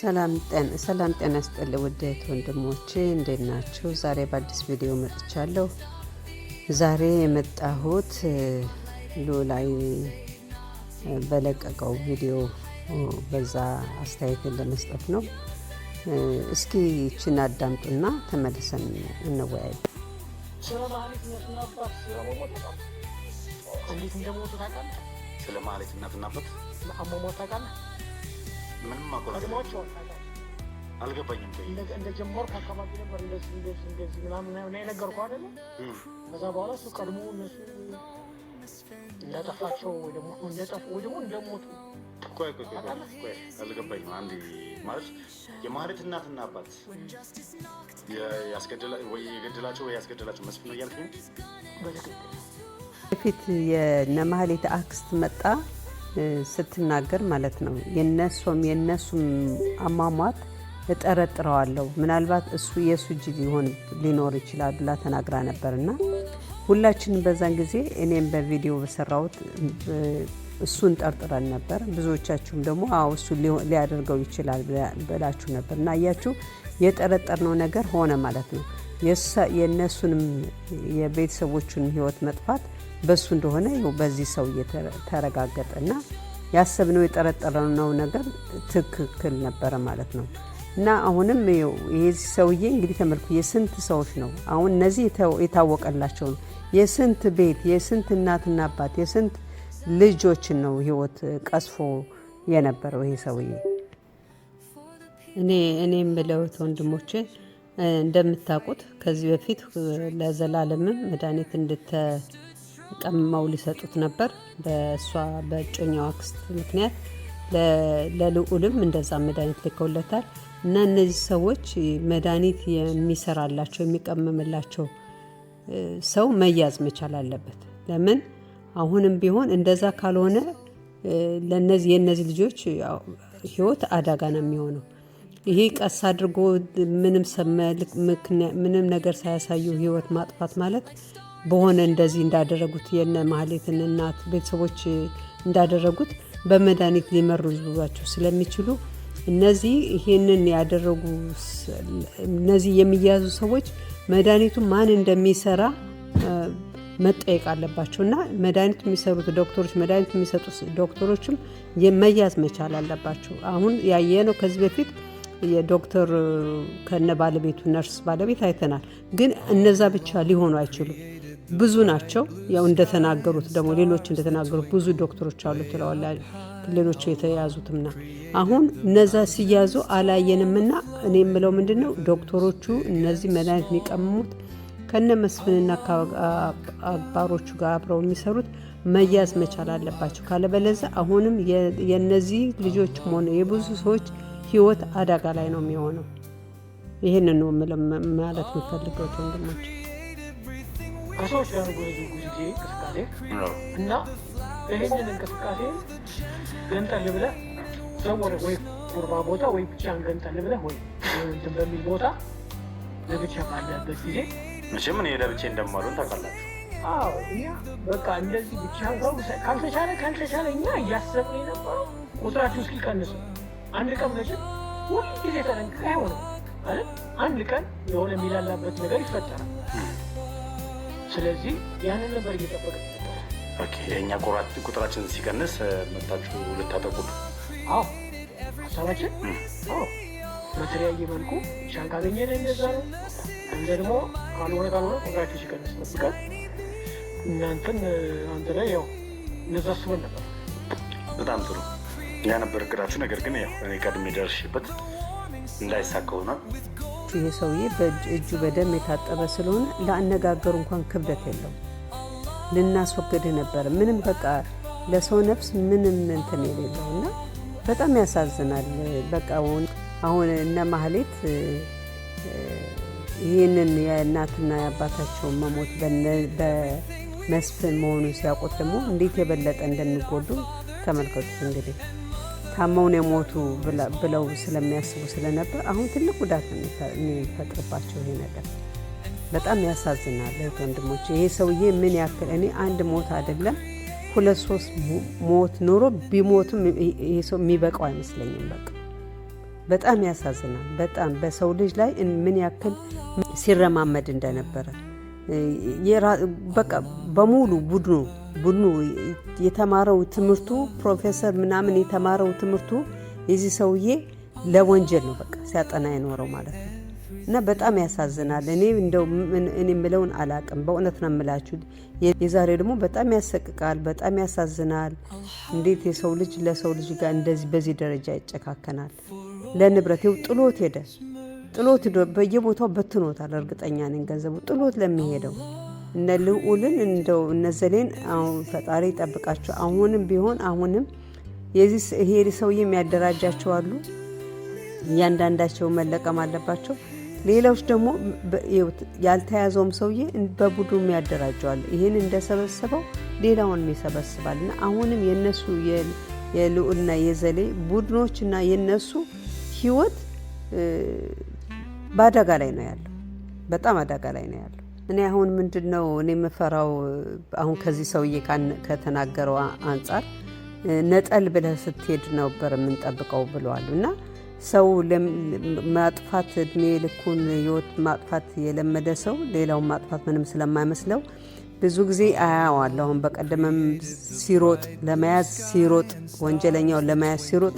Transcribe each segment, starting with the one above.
ሰላም ጤና ስጠል ውድ ወንድሞቼ እንዴት ናችሁ? ዛሬ በአዲስ ቪዲዮ መጥቻለሁ። ዛሬ የመጣሁት ሉላይ በለቀቀው ቪዲዮ በዛ አስተያየትን ለመስጠት ነው። እስኪ ይችን አዳምጡና ተመልሰን እንወያይ። ስለ ማለት እናትና አባት ምንም ቀድሞች አልገባኝም። እንደ ጀመርክ አካባቢ ነበር እንደዚህ እንደዚህ እንደዚህ ምናምን የነገርኩህ አይደለ? ከዛ በኋላ እሱ ቀድሞ እነሱ እንዳጠፋቸው ወይ ደግሞ እንደጠፉ ወይ ደግሞ እንደሞቱ አልገባኝም። አንድ ማለት የማህሌት እናትና አባት የገደላቸው ወይ ያስገደላቸው መስፍን ነው እያልክ በፊት የእነ አክስት መጣ ስትናገር ማለት ነው የነሱም የነሱም አሟሟት እጠረጥረዋለሁ ምናልባት እሱ የእሱ እጅ ሊሆን ሊኖር ይችላል ብላ ተናግራ ነበር እና ሁላችንም በዛን ጊዜ እኔም በቪዲዮ በሰራሁት እሱን ጠርጥረን ነበር። ብዙዎቻችሁም ደግሞ አዎ እሱ ሊያደርገው ይችላል ብላችሁ ነበር እና አያችሁ የጠረጠርነው ነገር ሆነ ማለት ነው። የእነሱንም የቤተሰቦቹን ህይወት መጥፋት በሱ እንደሆነ ይኸው በዚህ ሰው እየተረጋገጠ እና ያሰብነው የጠረጠረነው ነገር ትክክል ነበረ ማለት ነው። እና አሁንም ይሄ ሰውዬ እንግዲህ ተመልኩ የስንት ሰዎች ነው አሁን እነዚህ የታወቀላቸው ነው። የስንት ቤት የስንት እናትና አባት የስንት ልጆችን ነው ህይወት ቀስፎ የነበረው ይሄ ሰውዬ። እኔ እኔ የምለው ወንድሞቼ እንደምታውቁት ከዚህ በፊት ለዘላለምም መድኃኒት እንድተቀምመው ሊሰጡት ነበር። በእሷ በእጮኛዋ ክስት ምክንያት ለልዑልም እንደዛ መድኃኒት ልከውለታል። እና እነዚህ ሰዎች መድኃኒት የሚሰራላቸው የሚቀመምላቸው ሰው መያዝ መቻል አለበት። ለምን አሁንም ቢሆን እንደዛ ካልሆነ ለነዚህ የእነዚህ ልጆች ህይወት አደጋ ነው የሚሆነው። ይሄ ቀስ አድርጎ ምንም ምንም ነገር ሳያሳዩ ህይወት ማጥፋት ማለት በሆነ እንደዚህ እንዳደረጉት የነ ማህሌትን እናት ቤተሰቦች እንዳደረጉት በመድኃኒት ሊመርዟቸው ስለሚችሉ እነዚህ ይህንን ያደረጉ እነዚህ የሚያዙ ሰዎች መድኃኒቱ ማን እንደሚሰራ መጠየቅ አለባቸው እና መድኃኒት የሚሰሩት ዶክተሮች መድኃኒት የሚሰጡ ዶክተሮችም መያዝ መቻል አለባቸው። አሁን ያየነው ከዚህ በፊት የዶክተር ከነ ባለቤቱ ነርስ ባለቤት አይተናል። ግን እነዛ ብቻ ሊሆኑ አይችሉም፣ ብዙ ናቸው። ያው እንደተናገሩት ደግሞ ሌሎች እንደተናገሩት ብዙ ዶክተሮች አሉ ትለዋል ሌሎቹ የተያዙትምና አሁን እነዛ ሲያዙ አላየንምና እኔ የምለው ምንድን ነው ዶክተሮቹ እነዚህ መድኃኒት የሚቀምሙት ከነ መስፍንና አባሮቹ ጋር አብረው የሚሰሩት መያዝ መቻል አለባቸው። ካለበለዚያ አሁንም የነዚህ ልጆች ሆነ የብዙ ሰዎች ህይወት አደጋ ላይ ነው የሚሆነው። ይህንን ነው የምልም ማለት የምፈልገው ወንድሞች ከሰዎች ጋር ጉዞ ጊዜ እንቅስቃሴ እና ይህንን እንቅስቃሴ ገንጠል ብለህ ሰው ወደ ወይ ቁርባ ቦታ ወይ ብቻህን ገንጠል ብለህ ወይ እንትን በሚል ቦታ ለብቻ ባለበት ጊዜ መቼም እኔ ለብቻ እንደማሉን ታውቃላችሁ። አዎ እኛ በቃ እንደዚህ ብቻ ካልተቻለ ካልተቻለ እኛ እያሰብን የነበረው ቁጥራችሁ እስኪቀንስ ነው አንድ ቀን መቼም ጊዜ ተጠንቅቀህ አይሆንም አይደል? አንድ ቀን የሆነ የሚላላበት ነገር ይፈጠራል። ስለዚህ ያንን ነበር እየጠበቀ የእኛ ቁጥራችን ሲቀንስ መታችሁ ልታጠቁ አዎ ሀሳባችን በተለያየ መልኩ ሻን ካገኘ ነው እንደዛ ነው። እንደ ደግሞ ካልሆነ ካልሆነ ቁጥራችን ሲቀንስ ጠብቀን እናንተን አንተ ላይ ያው እነዛ አስበን ነበር። በጣም ጥሩ ያ ነበር እቅዳችሁ። ነገር ግን ያው እኔ ቀድሜ ደርሼበት እንዳይሳካ ሆኗል። ይህ ሰውዬ እጁ በደም የታጠበ ስለሆነ ለአነጋገሩ እንኳን ክብደት የለው። ልናስወግድህ ነበር። ምንም በቃ ለሰው ነፍስ ምንም እንትን የሌለው እና በጣም ያሳዝናል። በቃ አሁን እነ ማህሌት ይህንን የእናትና የአባታቸውን መሞት በመስፍን መሆኑን ሲያውቁት ደግሞ እንዴት የበለጠ እንደሚጎዱ ተመልከቱት እንግዲህ ታመውን የሞቱ ብለው ስለሚያስቡ ስለነበር አሁን ትልቅ ጉዳት የሚፈጥርባቸው ይሄ ነገር በጣም ያሳዝናል። እህት ወንድሞች፣ ይሄ ሰውዬ ምን ያክል እኔ አንድ ሞት አይደለም ሁለት ሶስት ሞት ኖሮ ቢሞትም ይሄ ሰው የሚበቃው አይመስለኝም። በቃ በጣም ያሳዝናል። በጣም በሰው ልጅ ላይ ምን ያክል ሲረማመድ እንደነበረ በቃ በሙሉ ቡድኑ ቡድኑ የተማረው ትምህርቱ ፕሮፌሰር ምናምን የተማረው ትምህርቱ የዚህ ሰውዬ ለወንጀል ነው በቃ ሲያጠና የኖረው ማለት ነው። እና በጣም ያሳዝናል። እኔ እንደው እኔ የምለውን አላቅም በእውነት ነው የምላችሁ። የዛሬው ደግሞ በጣም ያሰቅቃል፣ በጣም ያሳዝናል። እንዴት የሰው ልጅ ለሰው ልጅ ጋር እንደዚህ በዚህ ደረጃ ይጨካከናል? ለንብረት ይኸው ጥሎት ሄደ፣ ጥሎት በየቦታው በትኖታል። እርግጠኛ ነኝ ገንዘቡ ጥሎት ለሚሄደው እነ ልዑልን እንደው እነዘሌን ፈጣሪ ይጠብቃቸው። አሁንም ቢሆን አሁንም የዚህ ይሄ ሰውዬ የሚያደራጃቸው አሉ። እያንዳንዳቸው መለቀም አለባቸው። ሌላዎች ደግሞ ያልተያዘውም ሰውዬ በቡድኑ ያደራጀዋል። ይህን እንደሰበሰበው ሌላውን ይሰበስባል። እና አሁንም የነሱ የልዑልና የዘሌ ቡድኖችና የነሱ ህይወት በአደጋ ላይ ነው ያለው። በጣም አደጋ ላይ ነው ያለው። እኔ አሁን ምንድን ነው እኔ የምፈራው አሁን ከዚህ ሰውዬ ከተናገረው አንጻር ነጠል ብለህ ስትሄድ ነበር የምንጠብቀው ብለዋል እና ሰው ማጥፋት እድሜ ልኩን ህይወት ማጥፋት የለመደ ሰው ሌላውን ማጥፋት ምንም ስለማይመስለው ብዙ ጊዜ አያዋለሁም። በቀደመም ሲሮጥ ለመያዝ ሲሮጥ ወንጀለኛውን ለመያዝ ሲሮጥ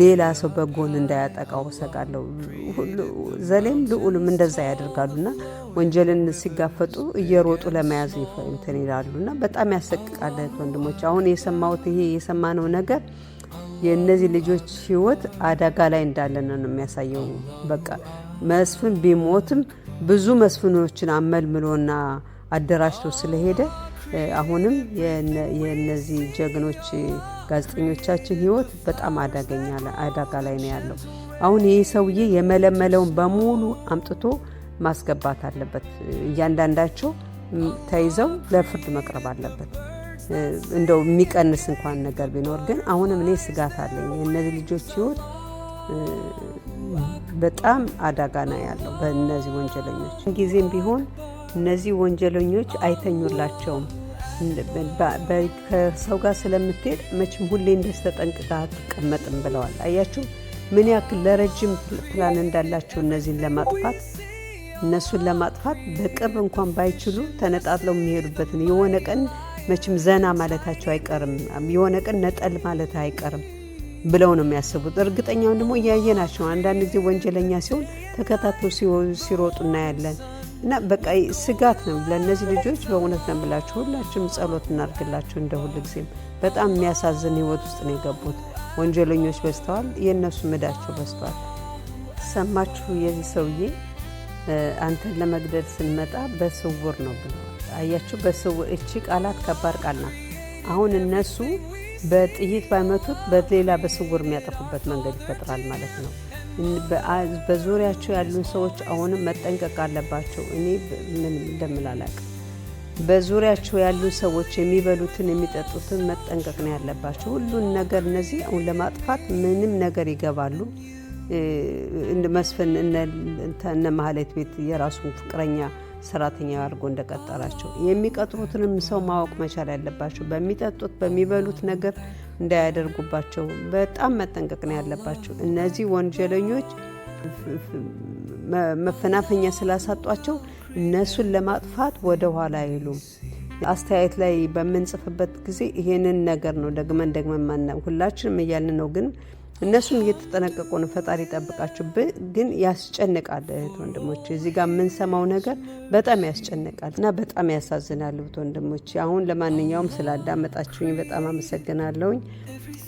ሌላ ሰው በጎን እንዳያጠቃው ሰቃለሁ። ዘሌም ልዑልም እንደዛ ያደርጋሉና ወንጀልን ሲጋፈጡ እየሮጡ ለመያዝ እንትን ይላሉና በጣም ያሰቅቃል። ወንድሞች አሁን የሰማሁት ይሄ የሰማነው ነገር የእነዚህ ልጆች ህይወት አደጋ ላይ እንዳለ ነው የሚያሳየው። በቃ መስፍን ቢሞትም ብዙ መስፍኖችን አመልምሎና አደራጅቶ ስለሄደ አሁንም የነዚህ ጀግኖች ጋዜጠኞቻችን ህይወት በጣም አደገኛ አደጋ ላይ ነው ያለው። አሁን ይህ ሰውዬ የመለመለውን በሙሉ አምጥቶ ማስገባት አለበት። እያንዳንዳቸው ተይዘው ለፍርድ መቅረብ አለበት። እንደው የሚቀንስ እንኳን ነገር ቢኖር ግን አሁንም እኔ ስጋት አለኝ። የእነዚህ ልጆች ህይወት በጣም አደጋ ነው ያለው በእነዚህ ወንጀለኞች ጊዜም ቢሆን እነዚህ ወንጀለኞች አይተኙላቸውም። ከሰው ጋር ስለምትሄድ መቼም ሁሌ እንደዚህ ተጠንቅቃ አትቀመጥም ብለዋል። አያችሁ ምን ያክል ለረጅም ፕላን እንዳላቸው እነዚህን ለማጥፋት እነሱን ለማጥፋት በቅርብ እንኳን ባይችሉ ተነጣጥለው የሚሄዱበትን የሆነ ቀን መቼም ዘና ማለታቸው አይቀርም፣ የሆነ ቀን ነጠል ማለት አይቀርም ብለው ነው የሚያስቡት። እርግጠኛውን ደግሞ እያየናቸው አንዳንድ ጊዜ ወንጀለኛ ሲሆን ተከታትሎ ሲሮጡ እናያለን። እና በቃ ስጋት ነው ለእነዚህ ልጆች በእውነት ነው ብላችሁ ሁላችሁም ጸሎት እናርግላችሁ። እንደ ሁል ጊዜም በጣም የሚያሳዝን ህይወት ውስጥ ነው የገቡት። ወንጀለኞች በዝተዋል፣ የእነሱ ምዳቸው በዝተዋል። ሰማችሁ? የዚህ ሰውዬ አንተን ለመግደል ስንመጣ በስውር ነው ብሎ አያችሁ። በስውር እቺ ቃላት ከባድ ቃል ናት። አሁን እነሱ በጥይት ባይመቱት በሌላ በስውር የሚያጠፉበት መንገድ ይፈጥራል ማለት ነው። በዙሪያቸው ያሉን ሰዎች አሁንም መጠንቀቅ አለባቸው። እኔ ምን እንደምላላቅ በዙሪያቸው ያሉ ሰዎች የሚበሉትን የሚጠጡትን መጠንቀቅ ነው ያለባቸው። ሁሉን ነገር እነዚህ አሁን ለማጥፋት ምንም ነገር ይገባሉ። መስፍን እነ መሀሌት ቤት የራሱን ፍቅረኛ ሰራተኛ አድርጎ እንደቀጠራቸው የሚቀጥሩትንም ሰው ማወቅ መቻል ያለባቸው፣ በሚጠጡት በሚበሉት ነገር እንዳያደርጉባቸው በጣም መጠንቀቅ ነው ያለባቸው። እነዚህ ወንጀለኞች መፈናፈኛ ስላሳጧቸው እነሱን ለማጥፋት ወደ ኋላ አይሉም። አስተያየት ላይ በምንጽፍበት ጊዜ ይሄንን ነገር ነው ደግመን ደግመን ማና ሁላችንም እያልን ነው ግን እነሱም እየተጠነቀቁ ነው። ፈጣሪ ይጠብቃችሁ። ግን ያስጨንቃል። እህት ወንድሞች፣ እዚህ ጋር የምንሰማው ነገር በጣም ያስጨንቃል እና በጣም ያሳዝናል። እህት ወንድሞች፣ አሁን ለማንኛውም ስላዳመጣችሁኝ በጣም አመሰግናለሁኝ።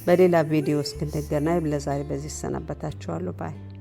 በሌላ ቪዲዮ እስክንገናኝ ለዛሬ በዚህ ይሰናበታችኋለሁ ባይ